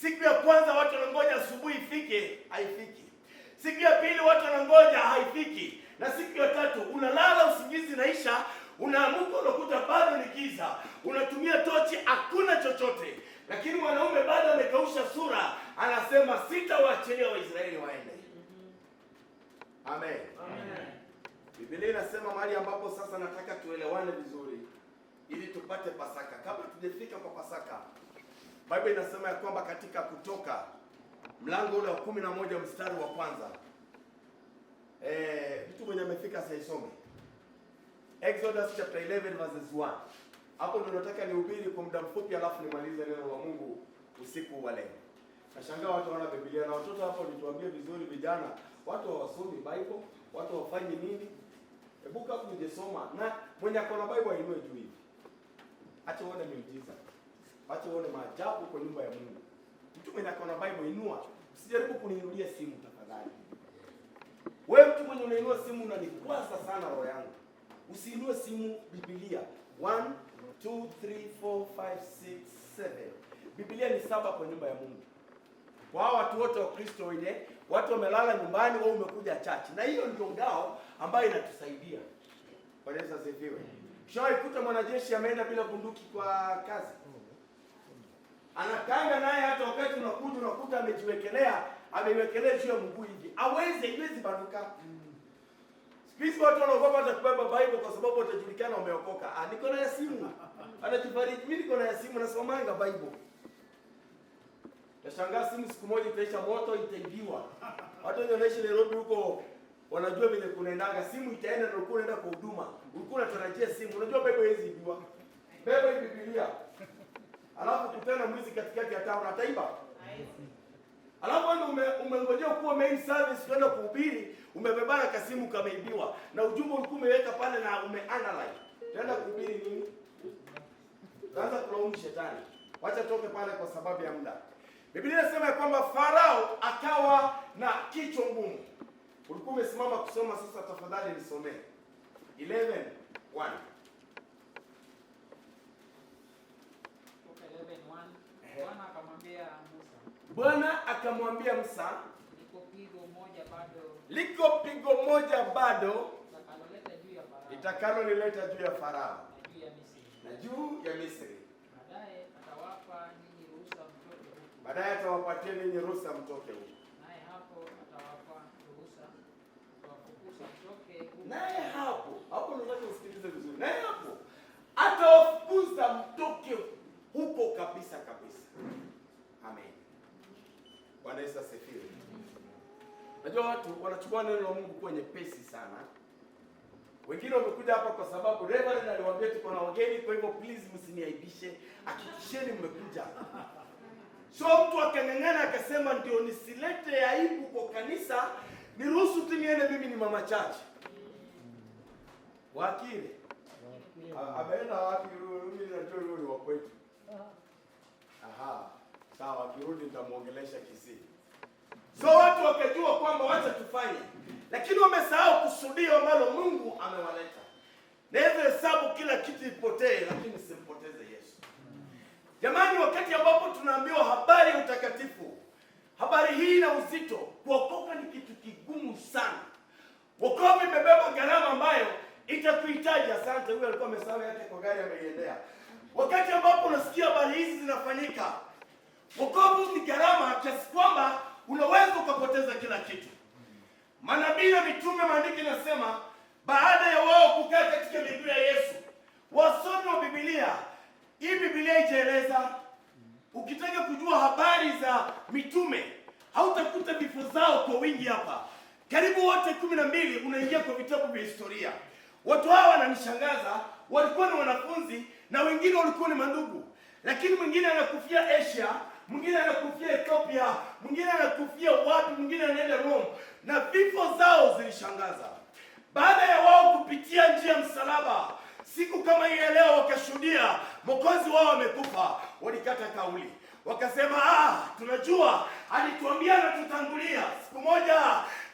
Siku ya kwanza watu wanangoja asubuhi ifike, haifiki. Siku ya pili watu wanangoja, haifiki. Na siku ya tatu unalala usingizi naisha, unaamka unakuta bado ni giza, unatumia tochi, hakuna chochote. Lakini mwanaume bado amekausha sura, anasema sitawaachilia Waisraeli waende. Amen, amen. Biblia inasema mahali ambapo sasa nataka tuelewane vizuri, ili tupate Pasaka. Kabla tujafika kwa Pasaka Biblia inasema ya kwamba katika Kutoka mlango ule wa kumi na moja mstari wa kwanza e, mtu mwenye amefika saisome Exodus chapter 11 verses 1. Hapo ndio nataka nihubiri kwa muda mfupi, alafu nimalize neno la Mungu usiku wa leo. Nashangaa watu wana Biblia na watoto hapo nituambie vizuri, vijana watu hawasomi Bible, watu hawafanyi nini? Ebuka kuje soma, na mwenye akona Bible ainue juu hivi. Acha uone miujiza wacha uone maajabu kwa nyumba ya Mungu. Mtu mwenye akaona Bible inua, usijaribu kuniinulia simu tafadhali. Wewe mtu mwenye unainua simu unanikwaza sana roho yangu. Usiinue simu Biblia. 1 2 3 4 5 6 7. Biblia ni saba kwa nyumba ya Mungu. Kwa hao watu wote wa Kristo ile, watu wamelala nyumbani, wao umekuja chachi. Na hiyo ndio ngao ambayo inatusaidia. Bwana asifiwe. Shawahi kuta mwanajeshi ameenda bila bunduki kwa kazi anakanga naye, hata wakati unakuja unakuta amejiwekelea ameiwekelea juu ya mguu hivi, aweze iwezi banuka mm. Siku hizi watu wanaogopa hata kubeba Bible kwa sababu watajulikana wameokoka. Ah, niko na ya simu anajifariji, mimi niko na ya simu nasomanga Bible. Nashangaa simu siku moja itaisha moto, itaibiwa. Watu wenye wanaishi Nairobi huko wanajua vile kunaendaga, simu itaenda na ulikuwa unaenda kwa huduma, ulikuwa unatarajia simu. Unajua Bible haiwezi ibiwa, beba Biblia alafu kutana mwizi katikati ya town ataiba? Alafu wewe umengojea kuwa main service kwenda kuhubiri, umebebana kasimu kameibiwa, na ujumbe ulikuwa umeweka pale na umeanalyze. Tenda kuhubiri nini? Tunaanza kulaumu shetani. Wacha toke pale kwa sababu ya muda. Biblia inasema kwamba Farao akawa na kichwa ngumu. Ulikuwa umesimama kusoma, sasa tafadhali nisomee 11 Bwana akamwambia Musa, liko pigo moja bado, liko juu ya Farao na juu ya Misri. Baadaye atawapatia ninyi ruhusa mtoke huko. Limechukua neno la Mungu kuwa nyepesi sana. Wengine wamekuja hapa kwa sababu Reverend aliwaambia tuko na wageni, kwa hivyo please msiniaibishe, hakikisheni mmekuja. So mtu akang'ang'ana akasema, ndio nisilete aibu kwa kanisa, niruhusu tu niende, mimi ni mama chache. Wakili ameenda wapi? Mimi najua yule wa kwetu. Aha, sawa, akirudi nitamwongelesha Kisii so watu wakajua kwamba wacha tufanye, lakini wamesahau kusudio ambalo Mungu amewaleta. Naweza hesabu kila kitu ipotee, lakini simpoteze Yesu. Jamani, wakati ambapo tunaambiwa habari ya utakatifu, habari hii na uzito. Kuokoka ni kitu kigumu sana. Wokovu imebeba gharama ambayo itakuhitaji. Asante, huyo alikuwa amesahau yake kwa gari, ameiendea. Wakati ambapo unasikia habari hizi zinafanyika, wokovu ni gharama kiasi kwamba unaweza ukapoteza kila kitu. Manabii na mitume, maandiki nasema baada ya wao kukaa katika miguu ya Yesu, wasomi wa Biblia, hii Biblia ijaeleza. Ukitaka kujua habari za mitume, hautakuta vifo zao kwa wingi hapa. Karibu wote kumi na mbili unaingia kwa vitabu vya historia. Watu hawa wananishangaza, walikuwa ni wanafunzi na wengine walikuwa ni mandugu, lakini mwingine anakufia Asia mwingine anakufia Ethiopia, mwingine anakufia wapi, mwingine anaenda Rome, na vifo zao zilishangaza. Baada ya wao kupitia njia ya msalaba, siku kama hii ya leo wakashuhudia mwokozi wao amekufa, walikata kauli wakasema ah, tunajua alituambia na tutangulia, siku moja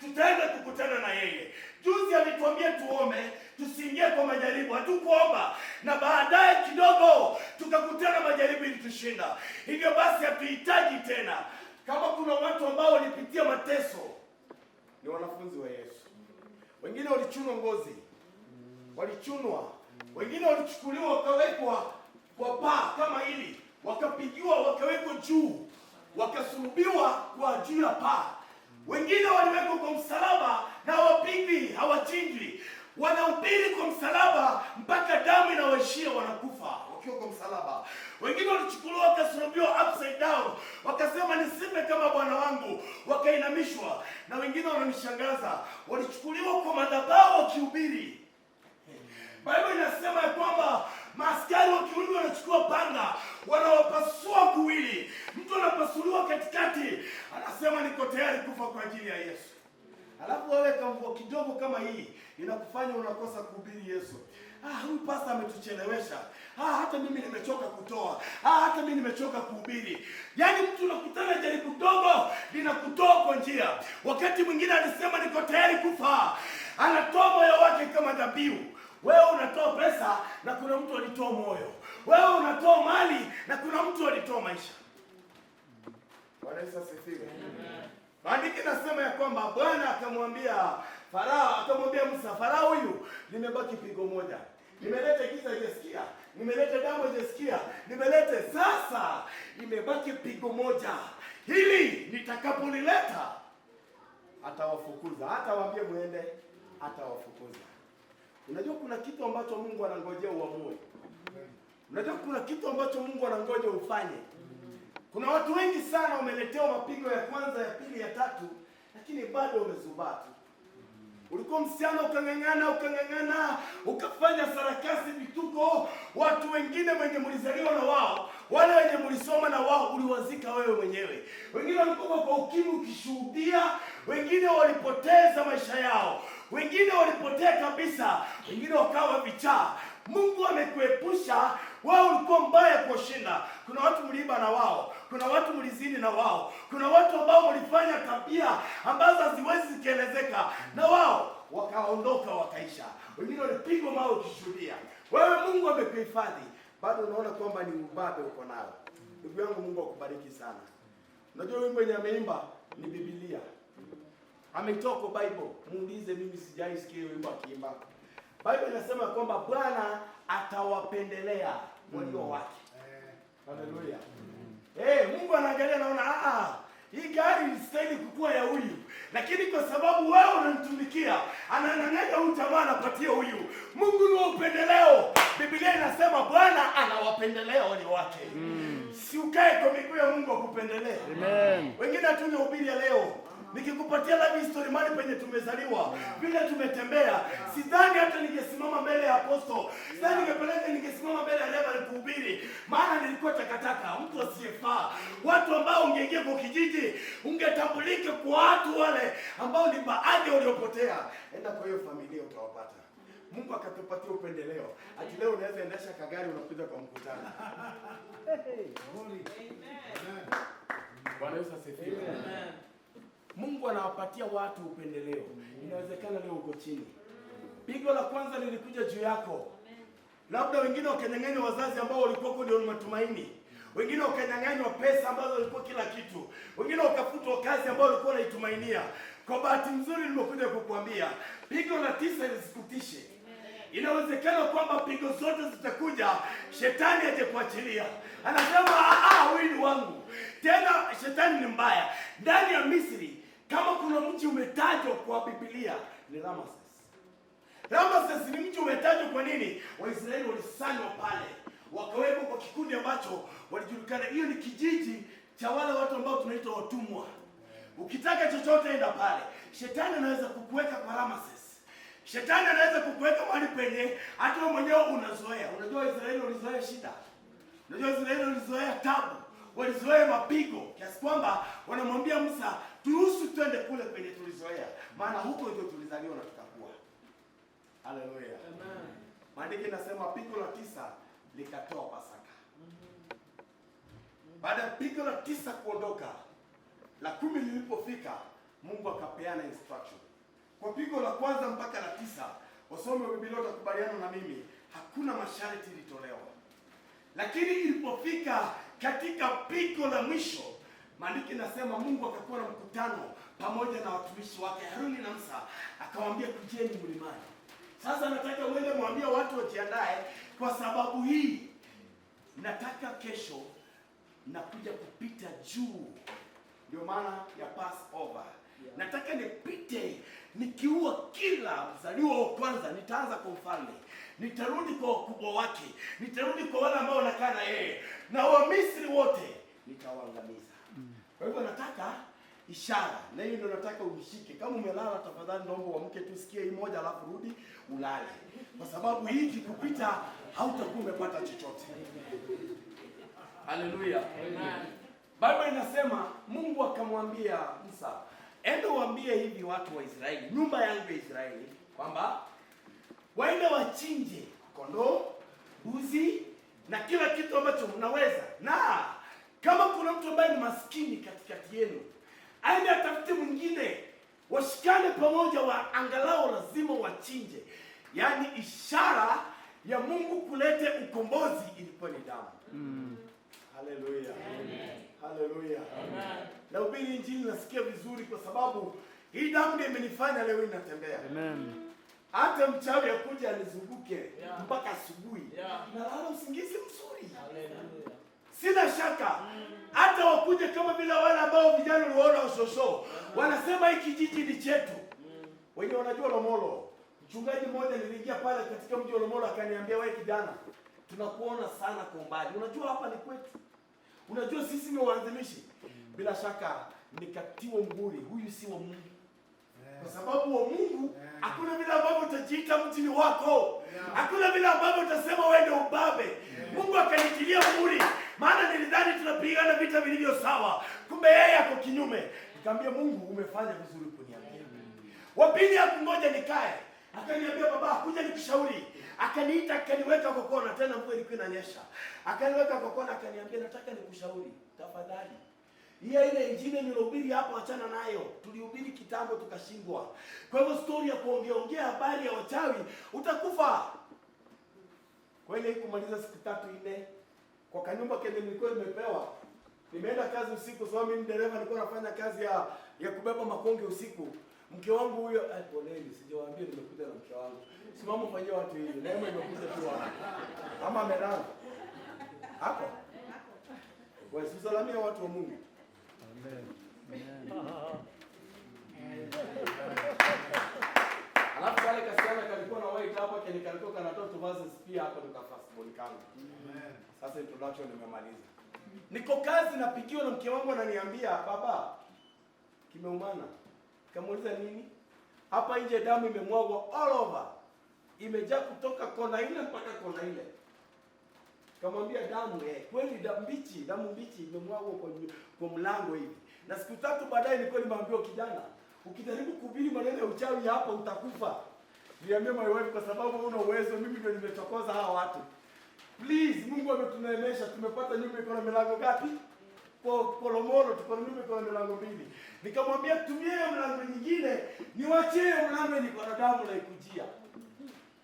tutaenda kukutana na yeye. Juzi alituambia tuombe tusiingie kwa majaribu, hatukuomba na baadaye kidogo tukakutana majaribu ili tushinda. Hivyo basi hatuhitaji tena. Kama kuna watu ambao walipitia mateso, ni wanafunzi wa Yesu. Wengine walichunwa ngozi, walichunwa, wengine walichukuliwa wakawekwa kwa paa kama hili, wakapigiwa, wakawekwa juu, wakasulubiwa kwa ajili ya paa. Wengine waliwekwa kwa msalaba na hawapigwi, hawachinjwi, wanahubiri kwa msalaba mpaka damu inawaishia, wanakufa wakiwa kwa msalaba. Wengine walichukuliwa wakasulubiwa upside down, wakasema nisime kama Bwana wangu, wakainamishwa. Na wengine wananishangaza, walichukuliwa kwa madhabahu wakihubiri. Biblia inasema ya kwamba maaskari wa kiume wanachukua panga, wanawapasua kuwili, mtu anapasuliwa katikati, anasema niko tayari kufa kwa ajili ya Yesu alafu wewe kamvua kidogo kama hii inakufanya unakosa kuhubiri Yesu. Ah, huyu pasta ametuchelewesha. Ah, hata mimi nimechoka kutoa. Ah, hata mimi nimechoka kuhubiri. Yaani mtu unakutana jaribu dogo linakutoa kwa njia. Wakati mwingine alisema niko tayari kufa, anatoa moyo wake kama dhabihu. Wewe unatoa pesa na kuna mtu alitoa moyo. Wewe unatoa mali na kuna mtu alitoa maisha. Bwana Yesu asifiwe. Maandiki nasema ya kwamba Bwana akamwambia Farao, akamwambia Musa, Farao huyu nimebaki pigo moja, nimelete giza jesikia, nimelete damu jesikia, nimelete sasa, imebaki pigo moja hili, nitakapolileta atawafukuza, atawaambia muende, atawafukuza. Unajua kuna kitu ambacho Mungu anangojea uamue. Unajua kuna kitu ambacho Mungu anangoja ufanye. Kuna watu wengi sana wameletewa mapigo ya kwanza, ya pili, ya tatu, lakini bado wamezubatu. Ulikuwa msichana ukang'ang'ana, ukang'ang'ana, ukafanya sarakasi, vituko. Watu wengine wenye mlizaliwa na wao, wale wenye mlisoma na wao, uliwazika wewe mwenyewe. Wengine walikuwa kwa ukimu ukishuhudia, wengine walipoteza maisha yao, wengine walipotea kabisa, wengine wakawa vichaa. Mungu amekuepusha wewe, ulikuwa mbaya shinda kuna watu mliiba na wao, kuna watu mlizini na wao, kuna watu ambao mlifanya tabia ambazo haziwezi zikielezeka na wao, wakaondoka wakaisha. Wengine walipigwa mawe ukishuhudia. Wewe Mungu amekuhifadhi, bado unaona kwamba ni ubabe uko nao. Ndugu yangu, Mungu akubariki sana. Unajua wimbo wenye ameimba ni Biblia, ametoka Bible. Muulize mimi, sijai sikia wimbo akiimba. Bible inasema kwamba Bwana atawapendelea walio wake Haleluya. Eh, Mungu anaangalia naona ah, ah, hii gari istahili kukua ya huyu, lakini kwa sababu wewe unamtumikia, ananang'anya huyu jamaa, anapatia huyu. Mungu ni upendeleo. Biblia inasema Bwana anawapendelea wale wake. Mm. Si ukae kwa miguu ya Mungu akupendelea. Amen. Wengine hatunyehubiri leo nikikupatia la history mali penye tumezaliwa vile tumetembea, sidhani hata ningesimama mbele ya aposto, sidhani ningepeleka, ningesimama mbele ya reverend kuhubiri, maana nilikuwa takataka, mtu asiyefaa, watu ambao ungeingia kwa kijiji ungetambulike kwa watu wale ambao ni baadhi waliopotea. Enda kwa hiyo familia utawapata. Mungu akatupatia upendeleo, ati leo unaweza endesha kagari unakuja kwa mkutano. Amen. Mungu anawapatia watu upendeleo. Inawezekana leo uko chini, pigo la kwanza lilikuja juu yako. Labda wengine wakanyang'anywa wazazi ambao walikuwa ndio matumaini, wengine wakanyang'anywa pesa ambazo walikuwa kila kitu, wengine wakafutwa kazi ambayo walikuwa wanaitumainia. Kwa bahati nzuri, nimekuja kukuambia pigo la tisa lisikutishe. Inawezekana kwamba pigo zote zitakuja, shetani kuachilia, anasema ah, huyu ni wangu. Tena shetani ni mbaya. Ndani ya Misri kama kuna mji umetajwa kwa Biblia ni Ramses. Ramses ni mji umetajwa kwa nini? Waisraeli walisanywa pale, wakawekwa kwa kikundi ambacho walijulikana. Hiyo ni kijiji cha wale watu ambao tunaita watumwa. Ukitaka chochote enda pale. Shetani anaweza kukuweka kwa Ramses. Shetani anaweza kukuweka mahali penye hata wewe mwenyewe unazoea. Unajua Israeli walizoea shida. Unajua Israeli walizoea tabu, walizoea mapigo kiasi kwamba wanamwambia Musa turuhusu twende kule kwenye tulizoea, maana huko ndio tulizaliwa na tutakuwa. Haleluya, amen. Maandiko inasema pigo la tisa likatoa Pasaka. Mm-hmm. Baada ya pigo la tisa kuondoka, la kumi lilipofika, Mungu akapeana instruction kwa pigo la kwanza mpaka la tisa. Wasome wa Biblia utakubaliana na mimi, hakuna masharti ilitolewa, lakini ilipofika katika pigo la mwisho Maandiki nasema Mungu akakuwa na mkutano pamoja na watumishi wake Haruni na Musa, akamwambia kujeni mlimani. Sasa nataka uende mwambie watu wajiandae, kwa sababu hii nataka kesho nakuja kupita juu, ndio maana ya Passover. Yeah. Nataka nipite nikiua kila mzaliwa wa kwanza. Nitaanza kwa mfalme, nitarudi kwa wakubwa wake, nitarudi kwa wale ambao wanakaa na yeye, na Wamisri wote nitawaangamiza. Kwa hivyo nataka ishara, na hiyo ndio nataka uishike. Kama umelala, tafadhali naomba uamke tu, sikie hii moja, alafu rudi ulale, kwa sababu hii kikupita, hautakuwa umepata chochote. Haleluya, amen. Biblia inasema Mungu akamwambia Musa, endo waambie hivi watu wa Israeli, nyumba yangu ya Israeli, kwamba waende wachinje kondoo, mbuzi na kila kitu ambacho mnaweza na kama kuna mtu ambaye ni maskini katikati yenu, aende atafute mwingine, washikane pamoja, wa angalau lazima wachinje. Yaani ishara ya Mungu kulete ukombozi ilikuwa ni damu. Mm. Haleluya. Haleluya. Nahubiri Injili, nasikia vizuri kwa sababu hii damu ndiyo imenifanya leo inatembea. Amen. Hata mchawi akuja anizunguke, yeah, mpaka asubuhi, yeah, nalala usingizi mzuri. Haleluya. Sina shaka hata wakuje kama vile wale ambao vijana uliona Ososo wanasema hii kijiji ni chetu. Wenye wanajua Lomolo. Mchungaji mmoja niliingia pale katika mji wa Lomolo akaniambia, wewe kijana, tunakuona sana kwa mbali, unajua hapa ni kwetu, unajua sisi ni waanzilishi. Bila shaka nikatiwa nguri, huyu si wa Mungu kwa sababu wa Mungu hakuna vile ambavyo utajiita mtini wako, hakuna vile ambavyo utasema wewe ndio ubabe. Mungu akanitilia nguri maana nilidhani tunapigana vita vilivyo sawa, kumbe yeye ako kinyume. Nikamwambia Mungu, umefanya vizuri kuniambia. Wa pili hakungoja nikae, akaniambia baba, kuja nikushauri. Akaniita, akaniweka kona, tena mvua ilikuwa inanyesha, akaniweka kona, akaniambia nataka nikushauri tafadhali hiyo ile injili nilohubiri hapo, achana nayo. Tulihubiri kitambo tukashindwa. Kwa hivyo story ya kuongea ongea habari ya wachawi utakufa. Kwa ile ikumaliza siku tatu nne kwa kanyumba kenye nilikuwa nimepewa. Nimeenda kazi usiku, sababu mimi dereva nilikuwa nafanya kazi ya ya kubeba makonge usiku. Mke wangu huyo, eh, poleni, sijawaambia nimekuja na mke wangu. Simama fanyia watu hivi. Neema imekuja tu hapa. Ama amelala. Hapo. Wewe usalamia watu wa Mungu. Amen. Amen. Alafu kale kasichana kalikuwa na white hapa kile kalikuwa kanatoa tu verses pia hapo nika fast ball kangu. Amen. Sasa introduction nimemaliza. Niko kazi napigiwa na mke wangu ananiambia baba kimeumana. Kamuuliza nini? Hapa nje damu imemwagwa all over. Imejaa kutoka kona ile mpaka kona ile. Kamwambia damu eh, kweli damu mbichi, damu mbichi imemwagwa kwa kwa mlango hivi. Na siku tatu baadaye nilikuwa nimeambiwa kijana Ukijaribu kuhubiri maneno ya uchawi hapa utakufa. Niambie my wife, kwa sababu una uwezo, mimi ndio nimechokoza hawa watu. Please, Mungu ametuneemesha, tumepata nyumba iko na milango ngapi? Kwa Kolomolo tuko na nyumba iko na milango mbili. Nikamwambia tumie hiyo milango nyingine, niwachie hiyo milango ni kwa damu la ikujia.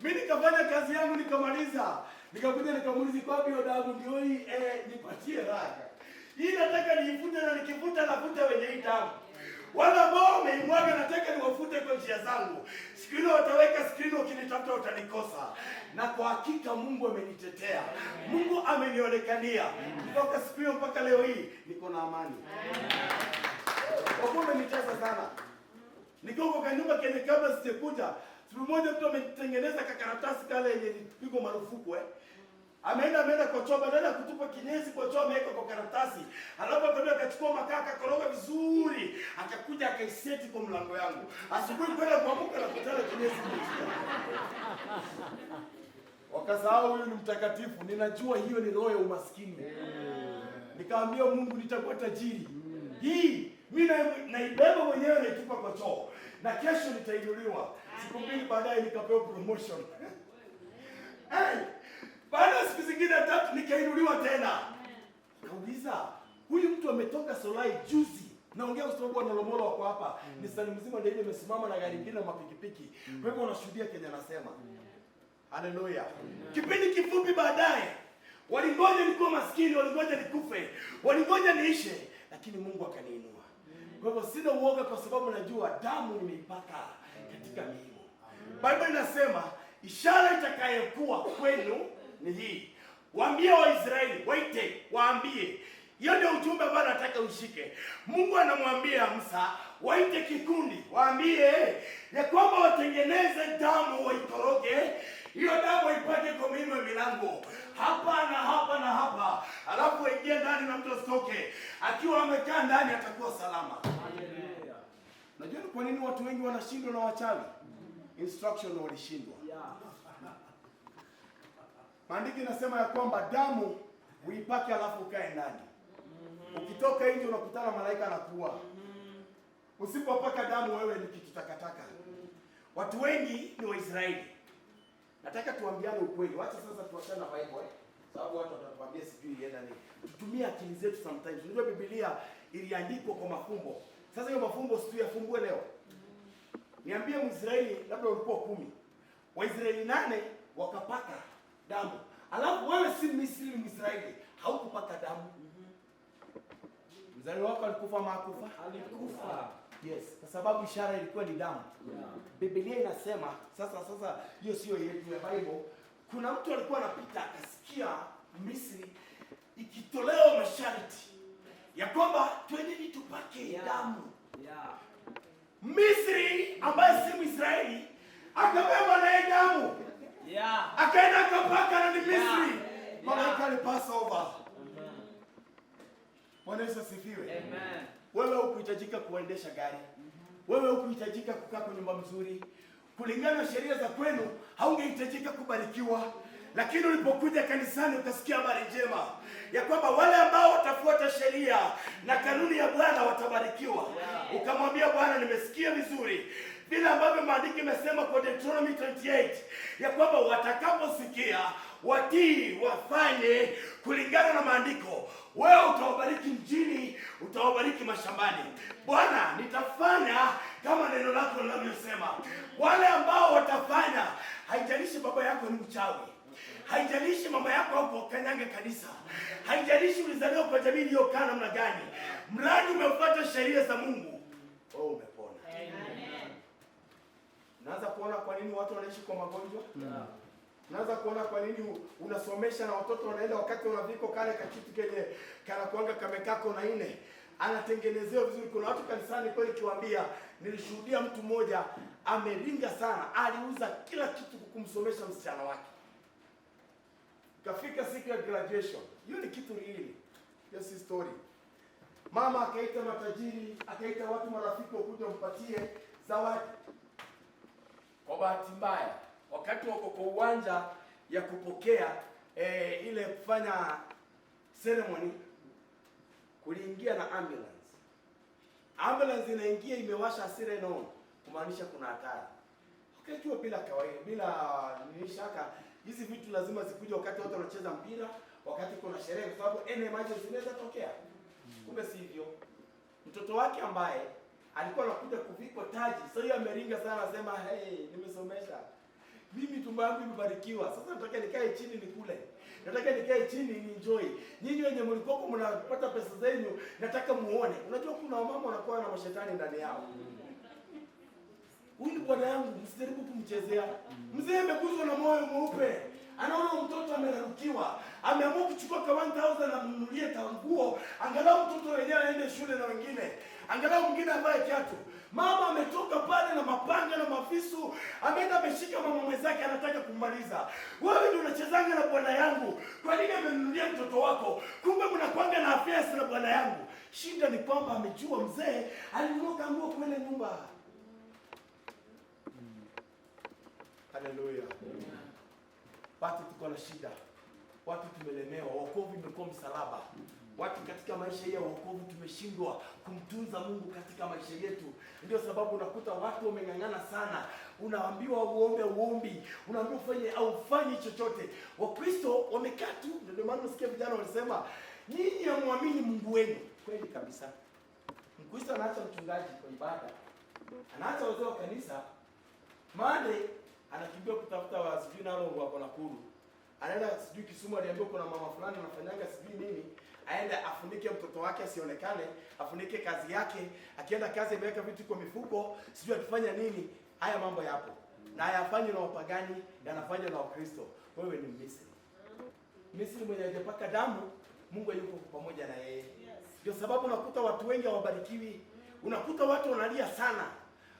Mimi nikafanya kazi yangu nikamaliza. Nikakuja nikamuuliza kwa hiyo damu ndio hii eh, nipatie raha. Hii nataka niivunje na nikivuta navuta wenye hii damu wala ambao wameimwaga nataka niwafute kwa njia zangu. Siku ile wataweka skrini, ukinitafuta utanikosa. Na kwa hakika Mungu amenitetea, Mungu amenionekania kutoka siku hiyo mpaka leo hii niko na amani. Wakuwa umenitesa sana, nikiwa kwa kanyumba kenye kabla sijakuja, siku moja mtu ametengeneza kakaratasi kale yenye pigo marufuku eh Ameenda ameenda kochoa, badala ya kutupa kinyesi kochoa ameweka kwa karatasi. Alafu akaenda akachukua makaa akakoroga vizuri, akakuja akaiseti kwa mlango yangu. Asubuhi kwenda kuamka na kutana kinyesi Wakasahau huyu ni mtakatifu. Ninajua hiyo ni roho ya umaskini. Nikaambia Mungu nitakuwa tajiri. Hii mimi naibeba mwenyewe naitupa kwa choo. Na kesho nitainuliwa. Siku mbili baadaye nikapewa promotion. Hey! Baada ya siku zingine tatu nikainuliwa tena. Nauliza, huyu mtu ametoka Solai juzi. Naongea usiku kwa Nolomolo wako hapa. Mm. Ni sali mzima ndio imesimama na gari nyingine na mapikipiki. Mm. Kwa hivyo unashuhudia Kenya anasema. Mm. Haleluya. Mm. Kipindi kifupi baadaye walingoja nikuwa maskini, walingoja nikufe, walingoja niishe, lakini Mungu akaniinua. Mm. Kwa hivyo sina uoga kwa sababu najua damu nimeipaka mm. katika miimo. Biblia inasema ishara itakayokuwa kwenu ni hii, waambie Waisraeli, waite, waambie hiyo ndio ujumbe ambao nataka ushike. Mungu anamwambia Musa, waite kikundi, waambie ya kwamba watengeneze damu, waitoroge hiyo damu ipate komino milango hapa na hapa na hapa, alafu waingie ndani na mtu asitoke. Akiwa amekaa ndani atakuwa salama. Najua ni kwa nini watu wengi wanashindwa na wachawi, instruction walishindwa, yeah. Maandiki inasema ya kwamba damu uipake alafu ukae ndani. Ukitoka nje unakutana malaika anakuua. Usipopaka damu wewe ni kitu takataka. Watu wengi ni Waisraeli. Nataka tuambiane ukweli. Wacha sasa tuachane na Bible. Eh? Sababu watu watatuambia sijui ienda nini. Tutumie akili zetu sometimes. Unajua Biblia iliandikwa kwa mafumbo. Sasa hiyo mafumbo sio yafumbwe leo. Niambie Mwisraeli labda walikuwa kumi. Waisraeli nane wakapaka damu, alafu wewe si Misri, Israeli, haukupata damu. Mzali wako alikufa makufa? Alikufa. Yes, kwa sababu ishara ilikuwa ni damu. Yeah. Biblia inasema sasa sasa hiyo sio yetu ya Bible. Kuna mtu alikuwa anapita akasikia Misri ikitolewa masharti ya kwamba twendeni tupake yeah, damu. Yeah. Misri ambaye si misraeli akabeba naye damu yeah. Akaenda akapaka na ni Misri yeah. Malaika alipasa over. Bwana Yesu asifiwe. Amen. Wewe hukuhitajika kuendesha gari. Mm-hmm. Wewe hukuhitajika kukaa kwa nyumba mzuri. Kulingana na sheria za kwenu haungehitajika kubarikiwa. Lakini ulipokuja kanisani utasikia habari njema ya kwamba wale ambao watafuata sheria na kanuni ya Bwana watabarikiwa. Ukamwambia Bwana, nimesikia vizuri vile ambavyo maandiko imesema kwa Deuteronomy 28 ya kwamba watakaposikia watii wafanye kulingana na maandiko. Wewe utawabariki mjini, utawabariki mashambani. Bwana, nitafanya kama neno lako linavyosema. Wale ambao watafanya, haijalishi baba yako ni mchawi haijalishi mama yako hapo kanyanga kanisa, haijalishi ulizaliwa kwa jamii iliyokaa namna gani, mradi umefuata sheria za Mungu, oh. Naanza kuona kwa nini watu wanaishi kwa magonjwa mm. yeah. Naanza kuona kwa nini unasomesha na watoto wanaenda wakati wanaviko kale kakitu kenye kuanga kamekako na nne anatengenezewa vizuri. Kuna watu kanisani kweli, kiwaambia, nilishuhudia mtu mmoja ameringa sana, aliuza kila kitu kumsomesha msichana wake, kafika siku ya graduation. Hiyo ni kitu riili. hiyo story. Mama akaita matajiri, akaita watu marafiki wakuja mpatie zawadi. Kwa bahati mbaya, wakati wako kwa uwanja ya kupokea e, ile kufanya ceremony, kuliingia na ambulance. Ambulance inaingia imewasha sireno on, kumaanisha kuna hatari. Ukijua bila kawaida, bila nishaka, hizi vitu lazima zikuja wakati watu wanacheza mpira, wakati kuna sherehe, kwa sababu any emergency zinaweza tokea. Kumbe sivyo mtoto wake ambaye alikuwa anakuja kuvikwa taji. Sasa hiyo ameringa sana, anasema hey, nimesomesha mimi, tumbo yangu imebarikiwa. Sasa nataka nikae chini nikule, nataka nikae chini enjoy. Nyinyi wenye mlikuwa huko mnapata pesa zenu, nataka muone. Unajua kuna wamama wanakuwa na mashetani ndani yao. Huyu bwana yangu, msijaribu kumchezea mzee. Ameguzwa na moyo mweupe, anaona mtoto amerarukiwa, ameamua kuchukua ka 1000 na mnunulie tanguo, angalau mtoto wenyewe aende shule na wengine angalau mwingine ambaye kiatu. Mama ametoka pale na mapanga na mafisu, ameenda ameshika mama mwenzake, anataka kumaliza Wewe ndio unachezanga na bwana yangu, kwa nini amenunulia mtoto wako? Kumbe mnakwanga na afya na bwana yangu. Shida ni kwamba amejua mzee alinunua kanguo kwa ile nyumba. Hmm. Haleluya. Watu tuko na shida, watu tumelemewa, wokovu imekuwa msalaba. Watu katika maisha ya wokovu tumeshindwa kumtunza Mungu katika maisha yetu. Ndio sababu unakuta watu wameng'ang'ana sana, unaambiwa uombe uombi, unaambiwa ufanye au ufanye chochote. Wakristo wamekaa tu, ndio maana nasikia vijana wanasema nyinyi hamwamini Mungu wenu. Kweli kabisa, Mkristo anaacha mchungaji kwa ibada, anaacha wazee wa kanisa, mande anakimbia kutafuta wasijui nalo wako Nakuru, anaenda sijui Kisumu, aliambiwa kuna mama fulani anafanyaga sijui nini aende afunike mtoto wake asionekane, afunike kazi yake, akienda kazi ameweka vitu kwa mifuko, sijui atufanya nini. Haya mambo yapo na hayafanywi na wapagani, yanafanywa na Wakristo. Wewe ni Misri. Misri mwenye hajapaka damu, Mungu yuko pamoja na yeye. Ndio sababu unakuta watu wengi hawabarikiwi, unakuta watu wanalia sana,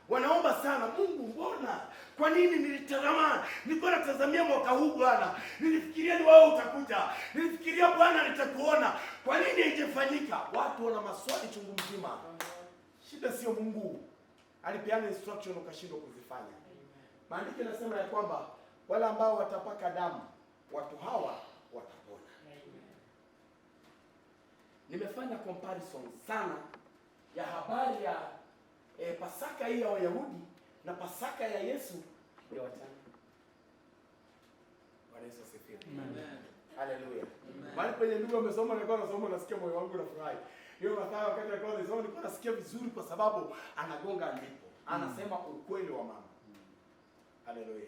wanaomba sana, Mungu mbona kwa nini nilitazama? Nilikuwa natazamia mwaka huu Bwana, nilifikiria ni wao utakuja, nilifikiria Bwana nitakuona. Kwa nini haijafanyika? Watu wana maswali chungu mzima. Shida sio Mungu, alipeana instruction ukashindwa kuzifanya. Maandiko yanasema ya kwamba wale ambao watapaka damu, watu hawa watapona. Nimefanya comparison sana ya habari ya eh, Pasaka hii ya Wayahudi na Pasaka ya Yesu ya watani. Bwana Yesu asifiwe. Amen. Haleluya. Bali kwenye ndugu amesoma nilikuwa nasoma nasikia moyo wangu unafurahi. Hiyo nataka wakati alikuwa anasoma nilikuwa nasikia vizuri kwa sababu anagonga ndipo. Anasema mm. ukweli wa mama. Haleluya.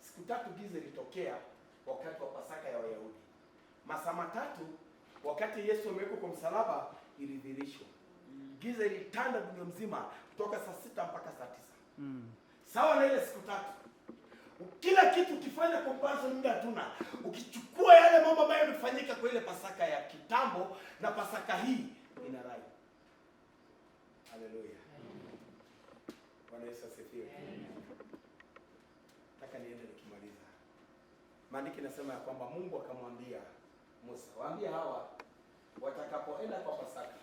Siku tatu giza ilitokea wakati wa Pasaka ya Wayahudi. Masaa matatu wakati Yesu amewekwa kwa msalaba ilidhirishwa. Mm. Giza ilitanda dunia mzima kutoka saa sita mpaka saa tisa mm. sawa na ile siku tatu, kila kitu ukifanya comparison, muda hatuna. Ukichukua yale mambo ambayo yamefanyika kwa ile Pasaka ya kitambo na Pasaka hii ina rai. Haleluya, Bwana Yesu asifiwe. Nataka niende nikimaliza. maandiki nasema ya kwamba Mungu akamwambia Musa, waambie hawa watakapoenda kwa Pasaka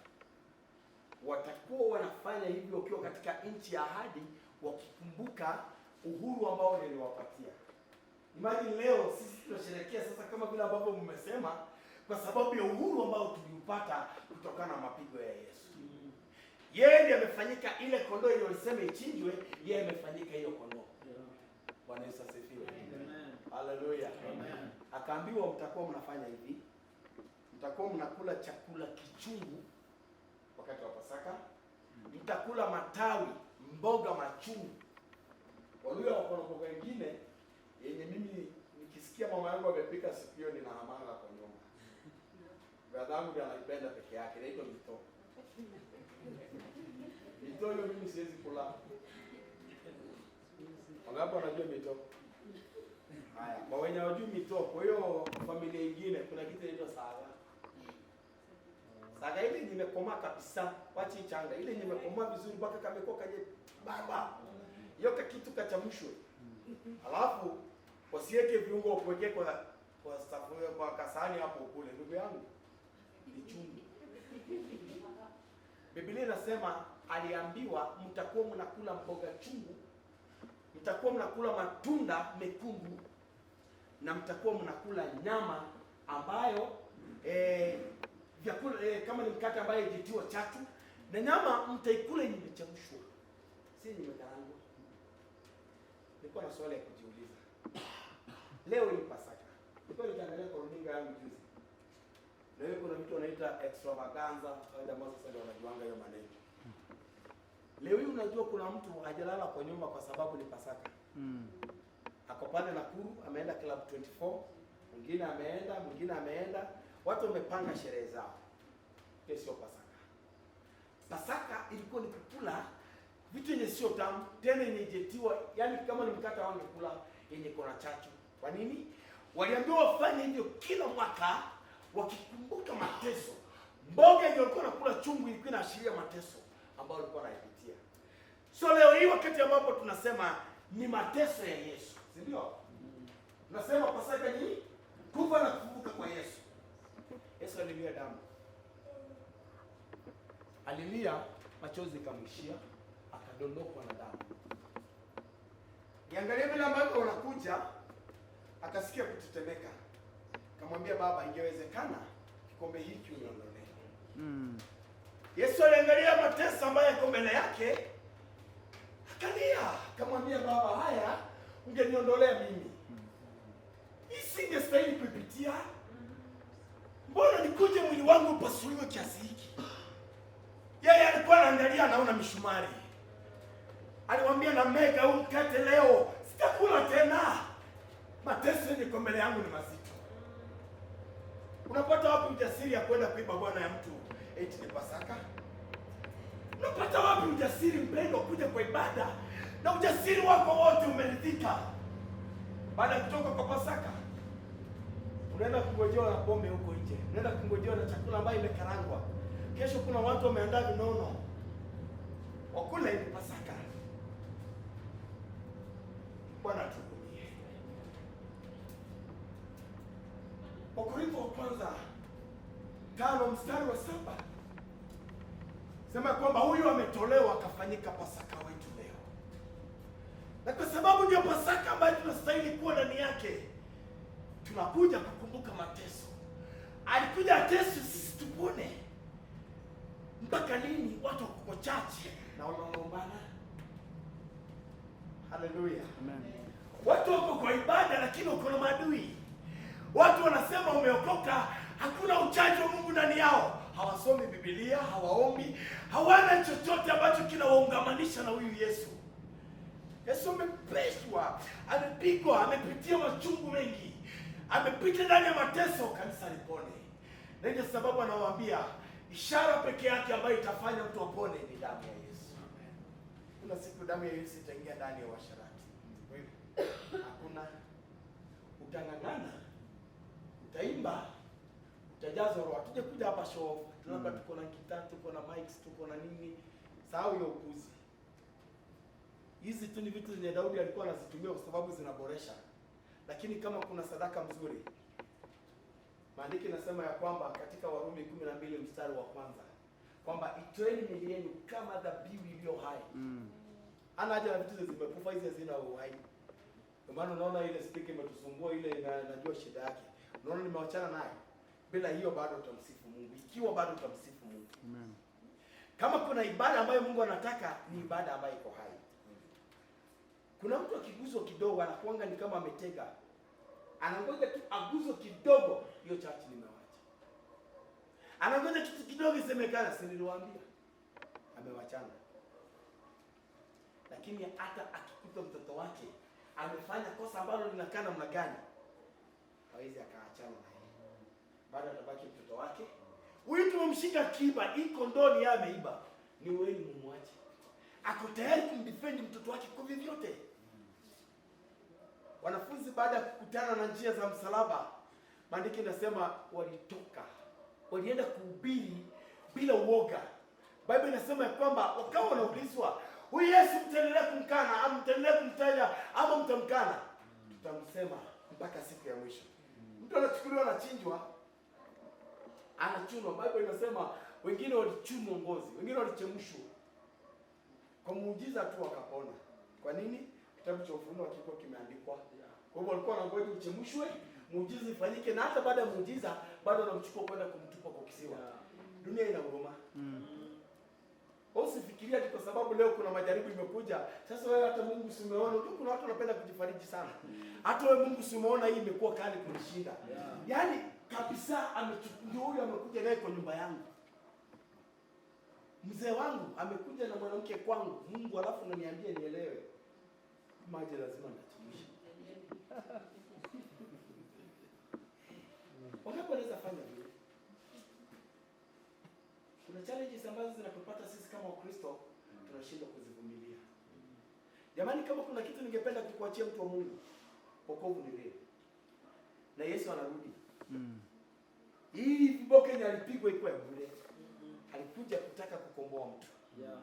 watakuwa wanafanya hivyo wakiwa katika nchi ya ahadi wakikumbuka uhuru ambao niliwapatia. Imagine leo sisi tunasherehekea sasa kama vile ambavyo mmesema, kwa sababu ya uhuru ambao tuliupata kutokana na mapigo ya Yesu. Yeye ndiye amefanyika ile kondoo iliyosema ichinjwe, yeye amefanyika hiyo kondoo. Bwana Yesu asifiwe. Haleluya. Akaambiwa mtakuwa mnafanya hivi. Mtakuwa mnakula chakula kichungu wakati wa Pasaka. Mm. Mtakula matawi mboga machungu. Waluya wako na mboga ingine yenye mimi nikisikia mama yangu amepika siku hiyo ninahamanga kwa nyumba. Brada yangu ndiye anaipenda peke yake, inaitwa mito. Mito hiyo mimi siwezi kula. Wangapi wanajua mito? Haya, kwa wenye hawajui mito, kwa hiyo familia ingine kuna kitu inaitwa saga. Saga ile nimekomaa kabisa, wachi changa. Ile nimekomaa vizuri mpaka kamekuwa kaje baba, hiyo kitu kachamshwe, alafu wasiweke viungo, kuwekee kwa kwa safuria kwa kasani hapo kule. Ndugu yangu ni chungu. Biblia inasema aliambiwa, mtakuwa mnakula mboga chungu, mtakuwa mnakula matunda mekundu na mtakuwa mnakula nyama ambayo eh, vyakula eh, kama ni mkate ambayo ijitiwa chatu na nyama mtaikula yenye imechemshwa si nywele yangu. Nilikuwa na swali ya kujiuliza leo ni Pasaka. Nilikuwa nitaangalia kwa runinga yangu juzi, leo kuna mtu anaita extravaganza, wale ambao sasa ndio wanajuanga hiyo maneno. Leo hii unajua kuna mtu hajalala kwa nyumba kwa sababu ni Pasaka mm. Ako pale Nakuru ameenda club 24, mwingine ameenda, mwingine ameenda, watu wamepanga sherehe zao. Kesho Pasaka. Pasaka ilikuwa ni kukula vitu yenye sio tamu tena yenye jetiwa, yani kama ni mkate kula yenye kona chachu. Kwa nini? Waliambiwa wafanye hivyo kila mwaka wakikumbuka mateso. Mboga yenye walikuwa nakula chungu ilikuwa inaashiria mateso ambayo walikuwa wanaipitia. So leo hii wakati ambapo tunasema ni mateso ya Yesu, si ndio? Tunasema Pasaka ni kufa na kukumbuka kwa Yesu. Yesu alilia damu, alilia machozi kamishia anadondokwa na damu. Niangalie vile ambavyo unakuja, akasikia kutetemeka, kamwambia baba, ingewezekana kikombe hiki uniondolee. Mm. Yesu aliangalia mateso ambayo yako mbele yake, akalia, kamwambia baba, haya ungeniondolea mimi, isingestahili kuipitia. Mbona nikuje mwili wangu upasuliwe kiasi hiki? Yeye alikuwa anaangalia, anaona mishumari aliwaambia na mega huu mkate leo, sitakula tena, mateso yenye mbele yangu ni mazito. Unapata wapi ujasiri ya kwenda kuiba bwana ya mtu eti ni Pasaka? Unapata wapi ujasiri mpendo kuja kwa ibada na ujasiri wako wote umeridhika baada ya kutoka kwa Pasaka? Unaenda kungojewa na pombe huko nje, unaenda kungojewa na chakula ambayo imekarangwa. Kesho kuna watu wameandaa vinono wakule Pasaka. kwanza tano mstari wa saba sema kwamba huyu ametolewa akafanyika Pasaka wetu leo, na kwa sababu ndio Pasaka ambayo tunastahili kuwa ndani yake, tunakuja kukumbuka mateso. Alikuja ateso sisi tupone. Mpaka lini watu wako chache na wanaombana? Haleluya, amen. Watu wako kwa ibada, lakini uko na maadui Watu wanasema umeokoka, hakuna uchaji wa Mungu ndani yao, hawasomi Biblia, hawaombi, hawana chochote ambacho kinawaungamanisha na huyu Yesu. Yesu amepeshwa amepigwa, amepitia machungu mengi, amepita ndani ya mateso, kanisa lipone. Na ndio sababu anawaambia ishara pekee yake ambayo itafanya mtu apone ni damu ya Yesu. Kuna siku damu ya Yesu itaingia ndani ya washarati, hakuna utang'ang'ana utaimba, utajaza roho. Tuje kuja hapa show off, labda mm. tuko na kitaa, tuko na mics, tuko na nini. Sahau hiyo upuzi. Hizi tu ni vitu zenye Daudi alikuwa anazitumia kwa sababu zinaboresha, lakini kama kuna sadaka mzuri, maandiki nasema ya kwamba katika Warumi 12 mstari wa kwanza kwamba itoeni miili yenu kama dhabihu iliyo hai mm. Ana haja na vitu zimekufa, hizi hazina uhai. Ndio maana unaona ile spika imetusumbua ile, na najua shida yake naona nimewachana naye. Bila hiyo bado utamsifu Mungu, ikiwa bado utamsifu Mungu. Amen. Kama kuna ibada ambayo Mungu anataka ni ibada ambayo iko hai. Kuna mtu akiguzwa kidogo anakuanga ni kama ametega, anangoja tu aguzwe kidogo, hiyo chachi nimewacha. Anangoja kitu kidogo isemekana, si niliwaambia amewachana. Lakini hata akikuta mtoto wake amefanya kosa ambalo linakana mna gani hawezi akaachana na yeye, bado atabaki mtoto wake. Huyu tumemshika kiba, hii kondoo ni yeye ameiba, ni wewe mumwache. Ako tayari kumdefend mtoto wake kwa vyovyote. Wanafunzi baada ya kukutana na njia za msalaba, maandiko inasema walitoka, walienda kuhubiri bila uoga. Biblia inasema ya kwamba wakawa wanaulizwa, huyu Yesu mtaendelea kumkana, ama mtaendelea kumtaja, ama mtamkana? Tutamsema mpaka siku ya mwisho. Mtu anachukuliwa anachinjwa, anachunwa. Bible inasema wengine walichunwa ngozi, wengine walichemshwa kwa muujiza tu wakapona. Kwa nini? Kitabu cha Ufunuo kilikuwa kimeandikwa. Kwa hivyo walikuwa wanangoja uchemshwe, muujiza ifanyike, na hata baada ya muujiza bado wanamchukua kwenda kumtupa kwa kisiwa. Dunia ina huruma mm. Usifikiria tu kwa sababu leo kuna majaribu imekuja. Sasa wewe hata Mungu simeona. Unajua kuna watu wanapenda kujifariji sana. Hata wewe Mungu simeona hii imekuwa kali kunishinda. Yeah. Yaani kabisa amechukua ndio huyu amekuja naye kwa nyumba yangu. Mzee wangu amekuja na mwanamke kwangu. Mungu alafu ananiambia nielewe. Maji lazima nitatumisha. Wanapo naweza fanya challenges ambazo zinatupata sisi kama Wakristo hmm. tunashindwa kuzivumilia. Jamani, kama kuna kitu ningependa kukuachia mtu wa Mungu, wokovu ni leo na Yesu anarudi. Mm. Hii ni alipigwa iko ya bure. Mm. Alikuja kutaka kukomboa mtu. Yeah.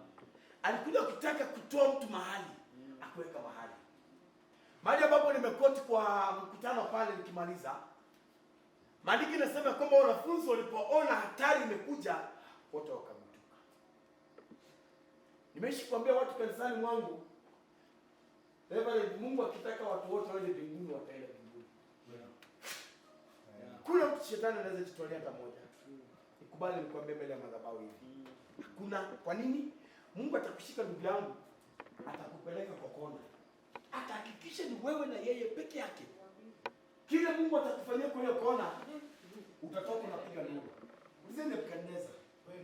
Alikuja kutaka kutoa mtu mahali, mm. akuweka mahali. Mahali ambapo nimekoti kwa mkutano pale nikimaliza. Maandiki nasema kwamba wanafunzi walipoona hatari imekuja wote wakamtuka. Nimeishi kuambia watu kanisani mwangu, Reverend, Mungu akitaka watu wote waende mbinguni wataenda mbinguni. Kuna mtu shetani anaweza jitolea hata moja. Mm. Nikubali nikwambie mbele ya madhabahu hivi. Hakuna. Kwa nini? Mungu atakushika ndugu yangu, atakupeleka kwa kona. Atahakikisha ni wewe na yeye peke yake. Kile Mungu atakufanyia kwa hiyo kona, utatoka unapiga nuru. Mzee Nebukadneza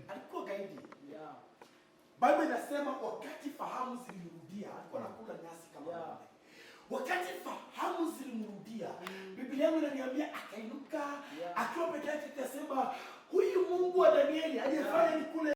alikuwa gaidi yeah. Biblia inasema wakati fahamu zilimrudia alikuwa mm. anakula nyasi kama yeah. Wakati fahamu zilimrudia mm. Biblia yangu inaniambia akainuka, yeah. Akiwa peke yake akasema, huyu Mungu wa Danieli aliyefanya nikule